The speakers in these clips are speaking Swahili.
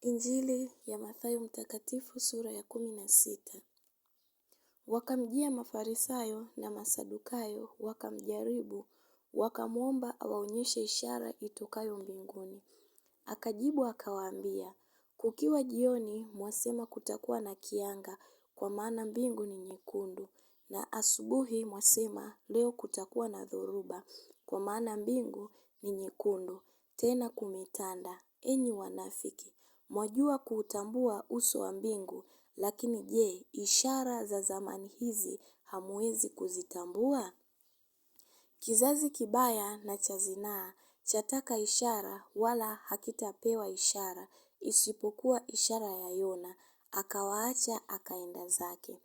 Injili ya Mathayo mtakatifu sura ya kumi na sita. Wakamjia Mafarisayo na Masadukayo wakamjaribu, wakamwomba awaonyeshe ishara itokayo mbinguni. Akajibu akawaambia, kukiwa jioni mwasema kutakuwa na kianga, kwa maana mbingu ni nyekundu; na asubuhi mwasema, leo kutakuwa na dhoruba, kwa maana mbingu ni nyekundu; tena kumetanda. Enyi wanafiki! Mwajua kuutambua uso wa mbingu, lakini je, ishara za zamani hizi hamwezi kuzitambua? Kizazi kibaya na cha zinaa, chataka ishara wala hakitapewa ishara, isipokuwa ishara ya Yona. Akawaacha akaenda zake.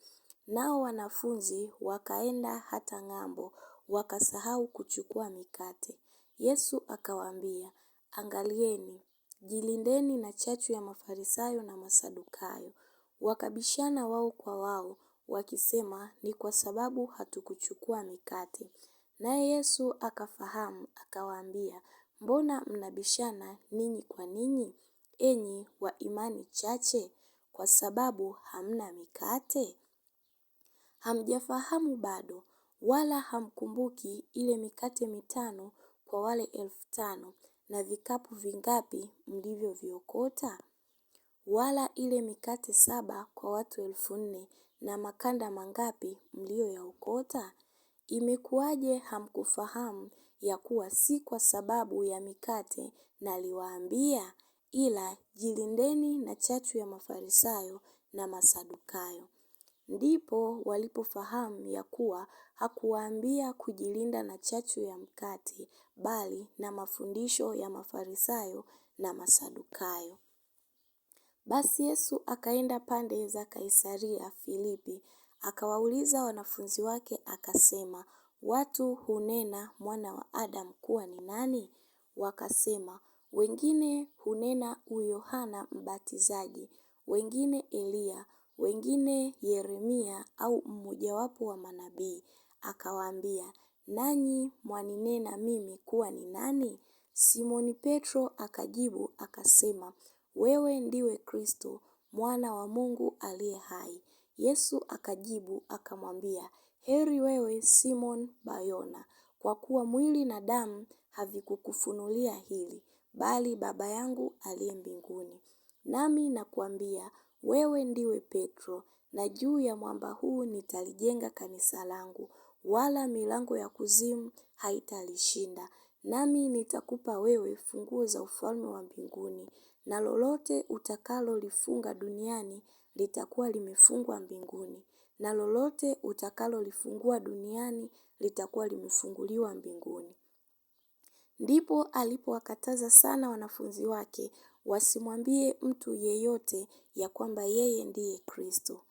Nao wanafunzi wakaenda hata ng'ambo, wakasahau kuchukua mikate. Yesu akawaambia, Angalieni, Jilindeni na chachu ya Mafarisayo na Masadukayo. Wakabishana wao kwa wao, wakisema, Ni kwa sababu hatukuchukua mikate. Naye Yesu akafahamu, akawaambia, Mbona mnabishana ninyi kwa ninyi, enyi wa imani chache? Kwa sababu hamna mikate? Hamjafahamu bado, wala hamkumbuki ile mikate mitano kwa wale elfu tano na vikapu vingapi mlivyoviokota? Wala ile mikate saba kwa watu elfu nne na makanda mangapi mliyoyaokota? Imekuwaje hamkufahamu ya kuwa si kwa sababu ya mikate naliwaambia, ila jilindeni na chachu ya Mafarisayo na Masadukayo? Ndipo walipofahamu ya kuwa hakuwaambia kujilinda na chachu ya mkate, bali na mafundisho ya Mafarisayo na Masadukayo. Basi Yesu akaenda pande za Kaisaria Filipi, akawauliza wanafunzi wake akasema, watu hunena mwana wa Adamu kuwa ni nani? Wakasema, wengine hunena u Yohana Mbatizaji, wengine Eliya, wengine Yeremia au mmojawapo wa manabii akawaambia, nanyi mwaninena mimi kuwa ni nani? Simoni Petro akajibu akasema, wewe ndiwe Kristo, mwana wa Mungu aliye hai. Yesu akajibu akamwambia, heri wewe Simon Bayona, kwa kuwa mwili na damu havikukufunulia hili, bali Baba yangu aliye mbinguni. Nami nakuambia wewe ndiwe Petro, na juu ya mwamba huu nitalijenga kanisa langu, wala milango ya kuzimu haitalishinda. Nami nitakupa wewe funguo za ufalme wa mbinguni, na lolote utakalolifunga duniani litakuwa limefungwa mbinguni, na lolote utakalolifungua duniani litakuwa limefunguliwa mbinguni. Ndipo alipowakataza sana wanafunzi wake wasimwambie mtu yeyote ya kwamba yeye ndiye Kristo.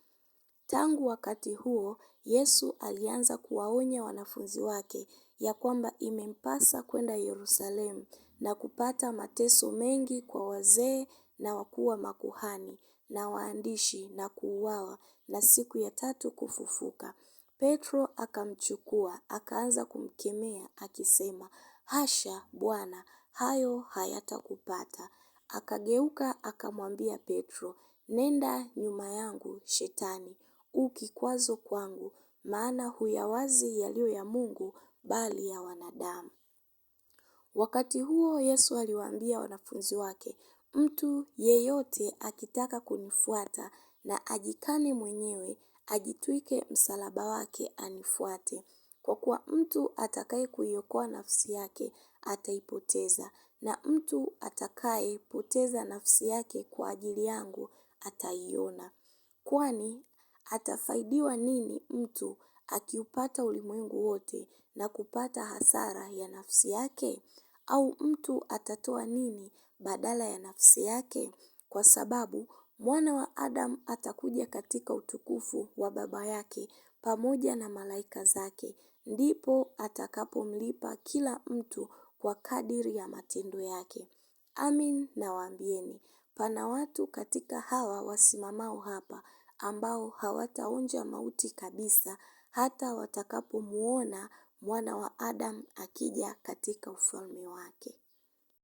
Tangu wakati huo, Yesu alianza kuwaonya wanafunzi wake ya kwamba imempasa kwenda Yerusalemu na kupata mateso mengi kwa wazee na wakuu wa makuhani na waandishi na kuuawa na siku ya tatu kufufuka. Petro akamchukua, akaanza kumkemea akisema, Hasha Bwana, hayo hayatakupata. Akageuka akamwambia Petro, nenda nyuma yangu Shetani, u kikwazo kwangu, maana huyawazi yaliyo ya Mungu, bali ya wanadamu. Wakati huo Yesu aliwaambia wanafunzi wake, mtu yeyote akitaka kunifuata na ajikane mwenyewe, ajitwike msalaba wake anifuate. Kwa kuwa mtu atakaye kuiokoa nafsi yake, ataipoteza na mtu atakayepoteza nafsi yake kwa ajili yangu ataiona. Kwani atafaidiwa nini mtu akiupata ulimwengu wote na kupata hasara ya nafsi yake? Au mtu atatoa nini badala ya nafsi yake? Kwa sababu mwana wa Adamu atakuja katika utukufu wa baba yake pamoja na malaika zake. Ndipo atakapomlipa kila mtu kwa kadiri ya matendo yake. Amin nawaambieni, pana watu katika hawa wasimamao hapa, ambao hawataonja mauti kabisa, hata watakapomuona mwana wa adam akija katika ufalme wake.